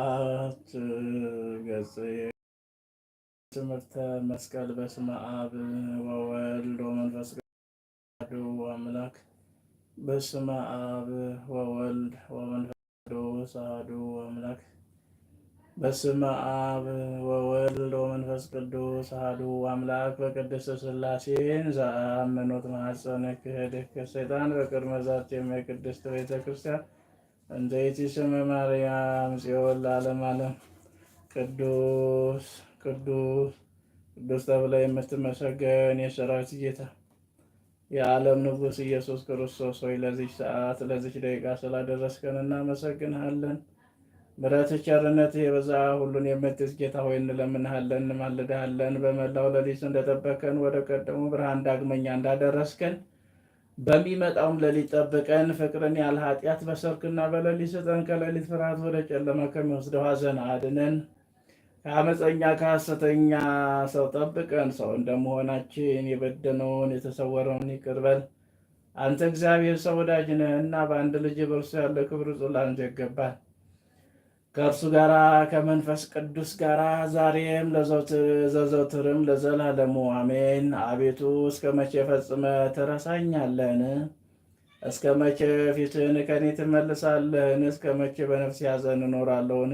አትገጽ ትምህርተ መስቀል በስመ አብ ወወልድ ወመንፈስ ቅዱስ አምላክ በስመ አብ ወወልድ ወመንፈስ ቅዱስ አሐዱ አምላክ በስመ አብ ወወልድ ወመንፈስ ቅዱስ አሐዱ አምላክ በቅድስት ማኅፀነ ከሰይጣን በቅድመ ዛት የቅድስት ቤተ ክርስቲያን እንዘይቲ ስመ ማርያም ጽዮን ለዓለም ዓለም ቅዱስ ቅዱስ ቅዱስ ተብለ የምትመሰገን የሰራዊት ጌታ የዓለም ንጉሥ ኢየሱስ ክርስቶስ ሆይ ለዚህ ሰዓት ለዚህ ደቂቃ ስላደረስከን እናመሰግንሃለን። ምረት ቸርነት የበዛ ሁሉን የምትስ ጌታ ሆይ እንለምንሃለን፣ እንማልድሃለን። በመላው ሌሊት እንደጠበከን ወደ ቀደሙ ብርሃን ዳግመኛ እንዳደረስከን በሚመጣውም ሌሊት ጠብቀን ፍቅርን ያለ ኃጢአት በሰርክና በሌሊት ስጠን። ከሌሊት ፍርሃት ወደ ጨለማ ከሚወስደው ሐዘን አድነን። ከአመፀኛ ከሐሰተኛ ሰው ጠብቀን። ሰው እንደመሆናችን የበደነውን የተሰወረውን ይቅርበል። አንተ እግዚአብሔር ሰው ወዳጅ ነህና በአንድ ልጅ በእርሱ ያለ ክብር ጽላንት ይገባል። ከእርሱ ጋር ከመንፈስ ቅዱስ ጋር ዛሬም ዘዘውትርም ለዘላለሙ አሜን። አቤቱ እስከ መቼ ፈጽመ ትረሳኛለህን? እስከ መቼ ፊትህን ከኔ ትመልሳለህን? እስከ መቼ በነፍስ ያዘን እኖራለሁን?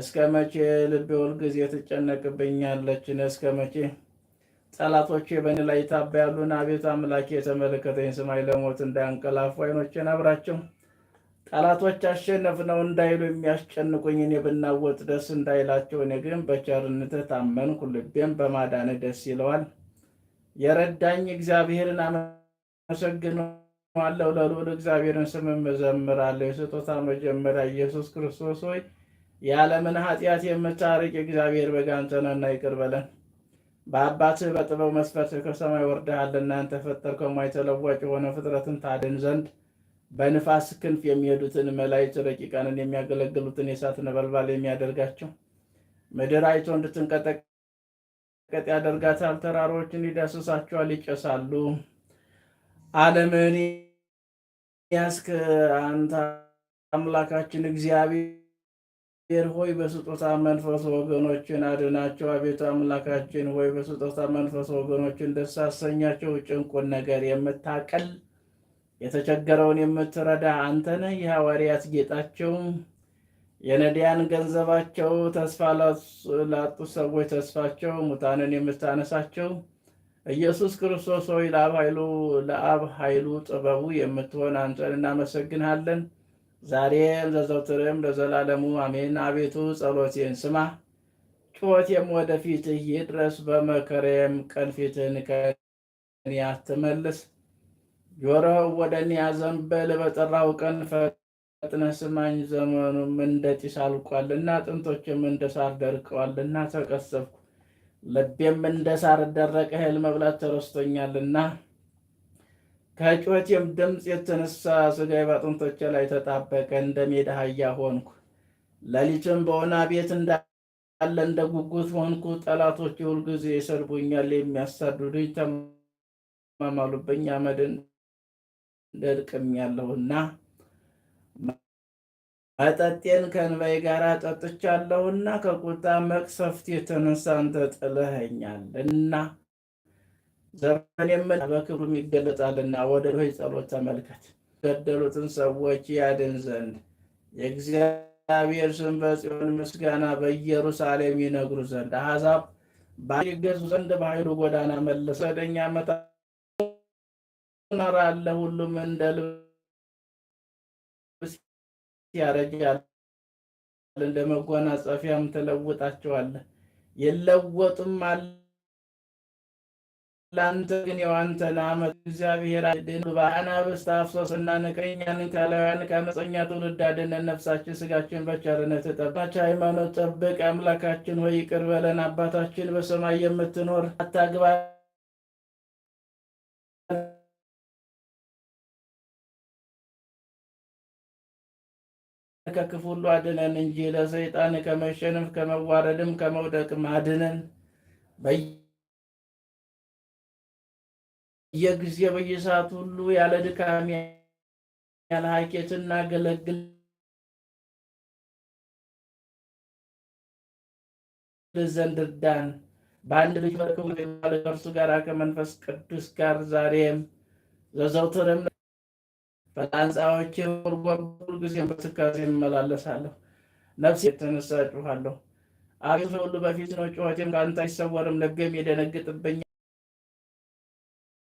እስከ መቼ ልቤ ሁልጊዜ ትጨነቅብኛለችን? እስከ መቼ ጠላቶቼ በእኔ ላይ ይታበያሉን? አቤቱ አምላኬ የተመለከተኝ ስማኝ፣ ለሞት እንዳያንቀላፉ አይኖችን አብራቸው ጠላቶች አሸነፍነው እንዳይሉ የሚያስጨንቁኝ እኔ ብናወጥ ደስ እንዳይላቸው፣ እኔ ግን በቸርነትህ ታመንኩ፣ ልቤም በማዳንህ ደስ ይለዋል። የረዳኝ እግዚአብሔርን አመሰግነዋለሁ፣ ለልዑል እግዚአብሔርን ስምም እዘምራለሁ። የስጦታ መጀመሪያ ኢየሱስ ክርስቶስ ሆይ የዓለምን ኃጢአት የምታርቅ እግዚአብሔር በጋንተነና ይቅር በለን። በአባትህ በጥበብ መስፈርት ከሰማይ ወርደሃልና አንተ ፈጠርከው የሆነ ፍጥረትን ታድን ዘንድ በንፋስ ክንፍ የሚሄዱትን መላእክት ረቂቃንን የሚያገለግሉትን የእሳት ነበልባል የሚያደርጋቸው ምድር አይቶ እንድትንቀጠቀጥ ያደርጋታል። ተራሮችን ይዳስሳቸዋል፣ ይጨሳሉ። ዓለምን ያስክ አንተ አምላካችን እግዚአብሔር ሆይ በስጦታ መንፈስ ወገኖችን አድናቸው። አቤቱ አምላካችን ሆይ በስጦታ መንፈስ ወገኖችን ደስ አሰኛቸው። ጭንቁን ነገር የምታቀል የተቸገረውን የምትረዳ አንተ ነህ። የሐዋርያት ጌጣቸው፣ የነዳያን ገንዘባቸው፣ ተስፋ ላጡ ሰዎች ተስፋቸው፣ ሙታንን የምታነሳቸው ኢየሱስ ክርስቶስ ሆይ ለአብ ኃይሉ ለአብ ኃይሉ ጥበቡ የምትሆን አንተን እናመሰግንሃለን ዛሬም ዘዘውትርም ለዘላለሙ አሜን። አቤቱ ጸሎቴን ስማ፣ ጩኸቴም ወደ ፊትህ ይድረስ። ድረስ ቀን ፊትህን ከእኔ አትመልስ ጆሮህ ወደ እኔ አዘንበል፣ በጠራው ቀን ፈጥነ ስማኝ። ዘመኑም እንደ ጢስ እና አጥንቶችም እንደ ሳር እና ተቀሰብኩ፣ ልቤም እንደ ሳር ደረቀ፣ እህል መብላት እና ከጩኸቴም ድምፅ የተነሳ ስጋይ በአጥንቶች ላይ ተጣበቀ፣ እንደ ሜዳ አህያ ሆንኩ። ሌሊትም በሆና ቤት እንዳለ እንደ ጉጉት ሆንኩ። ጠላቶች ሁልጊዜ ይሰድቡኛል፣ የሚያሳድዱኝ ተማማሉብኝ፣ አመድን ደልቅም ያለሁና መጠጤን ከንበይ ጋር ጠጥቻለሁና ከቁጣ መቅሰፍት የተነሳ አንተ ጥለኸኛልና ዘመኔም በክብሩ ይገለጣልና። ወደ ሆይ ጸሎት ተመልከት። ገደሉትን ሰዎች ያድን ዘንድ የእግዚአብሔር ስም በጽዮን ምስጋና በኢየሩሳሌም ይነግሩ ዘንድ አሕዛብ ባይገዙ ዘንድ በኃይሉ ጎዳና መለሰ ደኛ ኖራለ ሁሉም እንደ ልብስ ያረጃል፣ እንደ መጎናጸፊያም ትለውጣቸዋለህ። ይለወጡም ለአንተ ግን የዋንተን አመት እግዚአብሔር አድን በአናብስት አፍሶስና ነቀኛን ካላውያን ከአመፀኛ ትውልድ አድነ ነፍሳችን ስጋችን በቸርነት ጠባች ሃይማኖት ጠብቅ። አምላካችን ሆይ ይቅር በለን። አባታችን በሰማይ የምትኖር አታግባ ከክፉ ሁሉ አድነን እንጂ ለሰይጣን ከመሸነፍ ከመዋረድም ከመውደቅም አድነን። በየጊዜ በየሰዓት ሁሉ ያለ ድካም ያለ ሀኬት እናገለግል ዘንድ እርዳን። በአንድ ልጅ መልክ ከእርሱ ጋር ከመንፈስ ቅዱስ ጋር ዛሬም ዘዘውትርም በጣንፃዎቼ ወርጓጉር ጊዜ በስካሴ እንመላለሳለሁ። ነፍሴ የተነሳ ጩኋለሁ። አቤቱ ከሁሉ በፊት ነው፣ ጩኸቴም ከአንተ አይሰወርም። ለገም የደነግጥብኝ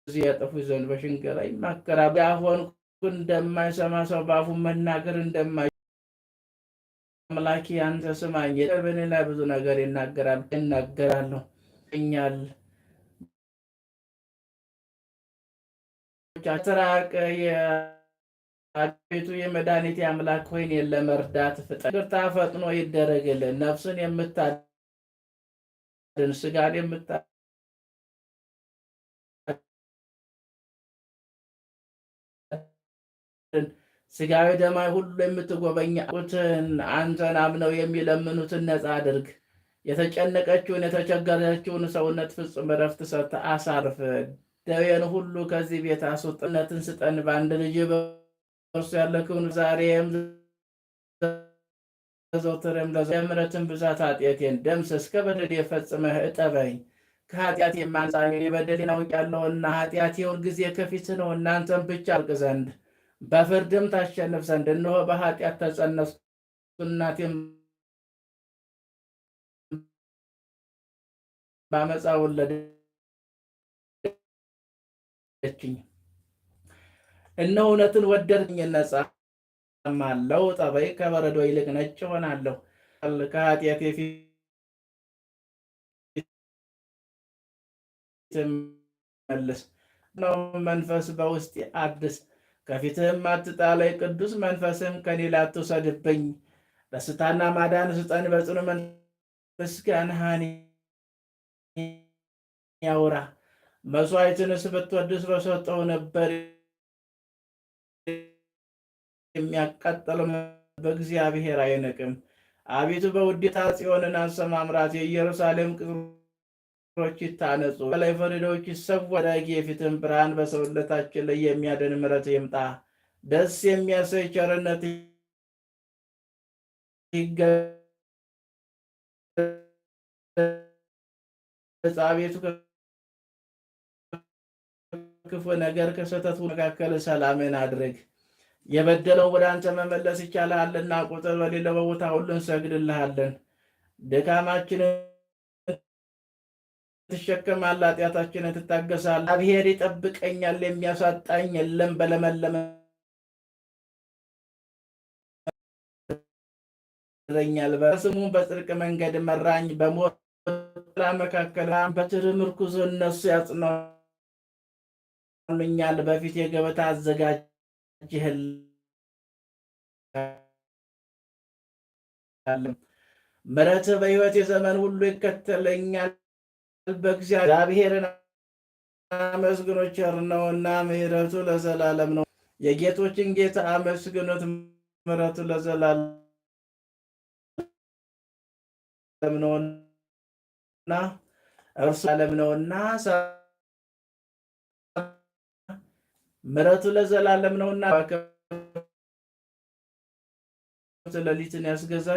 ጊዜ ያጠፉ ዘንድ በሽንገላ ይማከራ ቢያሆን እንደማይሰማ ሰው በአፉ መናገር እንደማይ አምላኬ አንተ ስማኝ። በእኔ ላይ ብዙ ነገር ይናገራል ይናገራለሁ ኛል ተራቀ አቤቱ የመድኃኒቴ አምላክ ሆይ እኔን ለመርዳት ፍጠን። ይቅርታ ፈጥኖ ይደረግልን። ነፍስን የምታድን ስጋን የምታድን ስጋዊ ደማይ ሁሉ የምትጎበኛ ቁትን አንተን አምነው የሚለምኑትን ነፃ አድርግ። የተጨነቀችውን የተቸገረችውን ሰውነት ፍጹም እረፍት ሰጥተህ አሳርፍ። ደዌን ሁሉ ከዚህ ቤት አስወጥነትን ስጠን በአንድ ልጅ እርሱ ያለከውን ዛሬም ዘውትርም የምሕረትን ብዛት ኃጢአቴን ደምስ እስከ በደል የፈጽመህ እጠበኝ። ከኃጢአት የማንጻኝ ያለውና ኃጢአት ኃጢአቴ ጊዜ ከፊት ነው። እናንተም ብቻ አልቅ ዘንድ በፍርድም ታሸንፍ ዘንድ እንሆ በኃጢአት ተጸነስኩ፣ እናቴም ባመፃ ወለደችኝ። እነ እውነትን ወደድኝ እነጻማለሁ፣ ጠበይ ከበረዶ ይልቅ ነጭ ሆናለሁ ከኃጢአቴ ፊት መልስ ነው መንፈስ በውስጤ አድስ፣ ከፊትህም አትጣለኝ፣ ቅዱስ መንፈስህም ከኔ ላይ ደስታና ማዳን ስጠን፣ በጽኑ መንፈስ ምስጋናህን ያውራ። መስዋዕትንስ ብትወድስ በሰጠው ነበር የሚያቃጠለው በእግዚአብሔር አይነቅም። አቤቱ በውዴታ ጽዮንን አሰማምራት፣ የኢየሩሳሌም ቅጥሮች ይታነጹ፣ በላይ ፈሪዳዎች ይሰወረ። የፊትን ብርሃን በሰውነታችን ላይ የሚያደን ምረት ይምጣ። ደስ የሚያሰኝ ቸርነት ይገ አቤቱ ክፉ ነገር ከስህተቱ መካከል ሰላምን አድርግ። የበደለው ወደ አንተ መመለስ ይቻልሃልና ቁጥር በሌለ በቦታ ሁሉ እንሰግድልሃለን። ድካማችንን ትሸከማለህ፣ ኃጢአታችንን ትታገሳለህ። እግዚአብሔር ይጠብቀኛል፣ የሚያሳጣኝ የለም። በለመለመ ረኛል በስሙ በጽድቅ መንገድ መራኝ። በሞት ጥላ መካከል በትር ምርኩዝ እነሱ ያጽናው ኛል በፊት የገበታ አዘጋጅህል ምረት በሕይወት የዘመን ሁሉ ይከተለኛል። በእግዚአብሔርን አመስግኖ ቸር ነውና ምሕረቱ ለዘላለም ነው። የጌቶችን ጌታ አመስግኖት ምሕረቱ ለዘላለም ነውና እርሱ ዓለም ነውና ምረቱ ለዘላለም ነውና ከብት ሌሊትን ያስገዛል